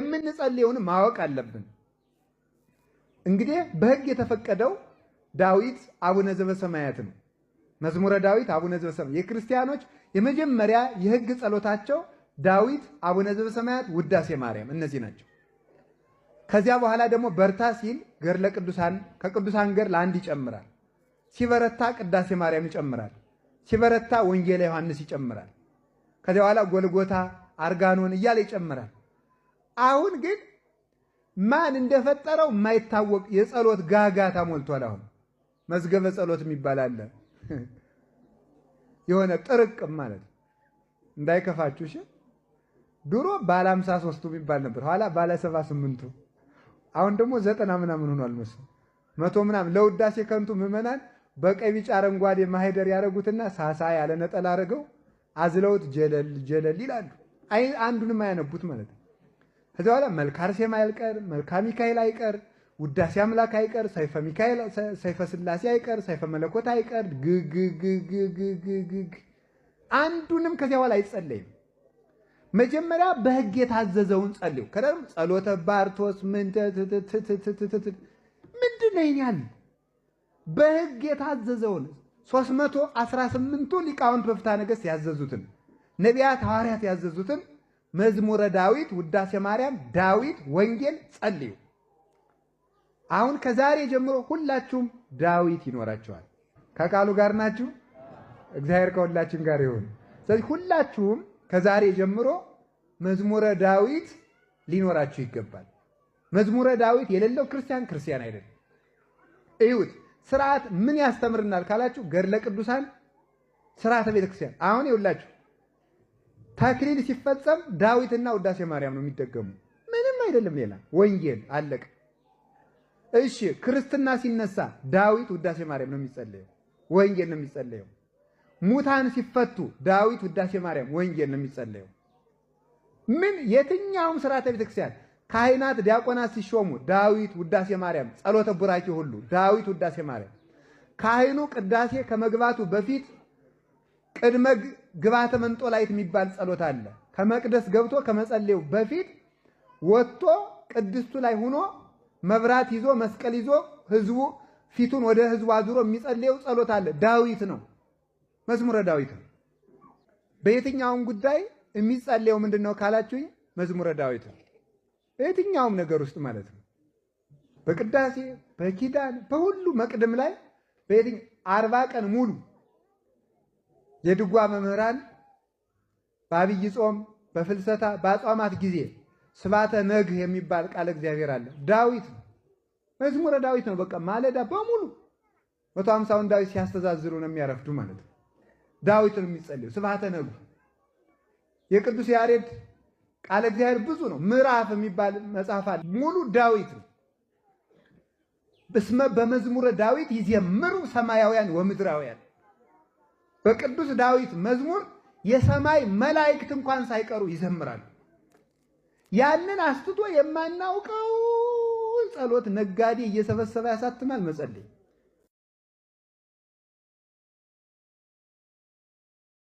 የምንጸልየውን ማወቅ አለብን። እንግዲህ በህግ የተፈቀደው ዳዊት አቡነ ዘበሰማያት ነው። መዝሙረ ዳዊት አቡነ ዘበሰማያት የክርስቲያኖች የመጀመሪያ የህግ ጸሎታቸው ዳዊት አቡነ ዘበሰማያት፣ ውዳሴ ማርያም እነዚህ ናቸው። ከዚያ በኋላ ደግሞ በርታ ሲል ገድለ ቅዱሳን ከቅዱሳን ገድል አንድ ይጨምራል። ሲበረታ ቅዳሴ ማርያም ይጨምራል። ሲበረታ ወንጌላ ዮሐንስ ይጨምራል። ከዚያ በኋላ ጎልጎታ አርጋኖን እያለ ይጨምራል። አሁን ግን ማን እንደፈጠረው የማይታወቅ የጸሎት ጋጋታ ሞልቷል። አሁን መዝገበ ጸሎት የሚባል አለ። የሆነ ጥርቅም ማለት እንዳይከፋችሁ እሺ። ድሮ ባለ ሃምሳ ሦስቱ የሚባል ነበር፣ ኋላ ባለ ሰባ ስምንቱ አሁን ደግሞ ዘጠና ምናምን ሆኗል መሰለኝ መቶ ምናምን ለውዳሴ ከንቱ ምዕመናን በቀይ ቢጫ አረንጓዴ ማህደር ያደረጉትና ሳሳ ያለ ነጠላ አድርገው አዝለውት ጀለል ጀለል ይላሉ። አንዱንም አያነቡት ማለት ነው። ከዚህ በኋላ መልካ አርሴማ አይቀር፣ መልካ ሚካኤል አይቀር፣ ውዳሴ አምላክ አይቀር፣ ሰይፈ ሚካኤል፣ ሰይፈ ስላሴ አይቀር፣ ሰይፈ መለኮት አይቀር። ግግግግግግግ አንዱንም ከዚያ በኋላ አይጸለይም። መጀመሪያ በሕግ የታዘዘውን ጸልዩ። ከደም ጸሎተ ባርቶስ ምን ምንድን ነው ይኛል? በሕግ የታዘዘውን 318ቱ ሊቃውንት በፍትሐ ነገሥት ያዘዙትን ነቢያት ሐዋርያት ያዘዙትን መዝሙረ ዳዊት፣ ውዳሴ ማርያም፣ ዳዊት፣ ወንጌል ጸልዩ። አሁን ከዛሬ ጀምሮ ሁላችሁም ዳዊት ይኖራችኋል። ከቃሉ ጋር ናችሁ። እግዚአብሔር ከሁላችን ጋር ይሁን። ስለዚህ ሁላችሁም ከዛሬ ጀምሮ መዝሙረ ዳዊት ሊኖራችሁ ይገባል። መዝሙረ ዳዊት የሌለው ክርስቲያን ክርስቲያን አይደለም። እዩት። ስርዓት ምን ያስተምርናል ካላችሁ ገድለ ቅዱሳን፣ ስርዓተ ቤተክርስቲያን አሁን ይውላችሁ ተክሊል ሲፈጸም ዳዊትና ውዳሴ ማርያም ነው የሚደገሙ። ምንም አይደለም ሌላ ወንጌል አለቅ። እሺ ክርስትና ሲነሳ ዳዊት ውዳሴ ማርያም ነው የሚጸለየው፣ ወንጌል ነው የሚጸለየው። ሙታን ሲፈቱ ዳዊት ውዳሴ ማርያም፣ ወንጌል ነው የሚጸለየው። ምን የትኛውም ስርዓተ ቤተክርስቲያን ካህናት፣ ዲያቆናት ሲሾሙ ዳዊት ውዳሴ ማርያም፣ ጸሎተ ቡራኪ ሁሉ ዳዊት ውዳሴ ማርያም። ካህኑ ቅዳሴ ከመግባቱ በፊት ቅድመ ግባተ መንጦላይት የሚባል ጸሎት አለ። ከመቅደስ ገብቶ ከመጸለዩ በፊት ወጥቶ ቅድስቱ ላይ ሆኖ መብራት ይዞ መስቀል ይዞ ህዝቡ ፊቱን ወደ ህዝቡ አዙሮ የሚጸልየው ጸሎት አለ። ዳዊት ነው፣ መዝሙረ ዳዊት ነው። በየትኛውም ጉዳይ የሚጸልየው ምንድን ነው ካላችሁኝ፣ መዝሙረ ዳዊት ነው። በየትኛውም ነገር ውስጥ ማለት ነው። በቅዳሴ በኪዳን በሁሉ መቅድም ላይ በየትኛው አርባ ቀን ሙሉ የድጓ መምህራን በአብይ ጾም፣ በፍልሰታ፣ በአጽዋማት ጊዜ ስባተ ነግህ የሚባል ቃለ እግዚአብሔር አለ። ዳዊት ነው፣ መዝሙረ ዳዊት ነው። በቃ ማለዳ በሙሉ መቶ ሀምሳውን ዳዊት ሲያስተዛዝሩ ነው የሚያረፍዱ ማለት ነው። ዳዊት ነው የሚጸልዩ ስባተ ነግህ። የቅዱስ ያሬድ ቃለ እግዚአብሔር ብዙ ነው። ምዕራፍ የሚባል መጽሐፍ አለ፣ ሙሉ ዳዊት ነው። በስመ በመዝሙረ ዳዊት ይዜምሩ ሰማያውያን ወምድራውያን በቅዱስ ዳዊት መዝሙር የሰማይ መላእክት እንኳን ሳይቀሩ ይዘምራሉ። ያንን አስትቶ የማናውቀው ጸሎት ነጋዴ እየሰበሰበ ያሳትማል መጸለይ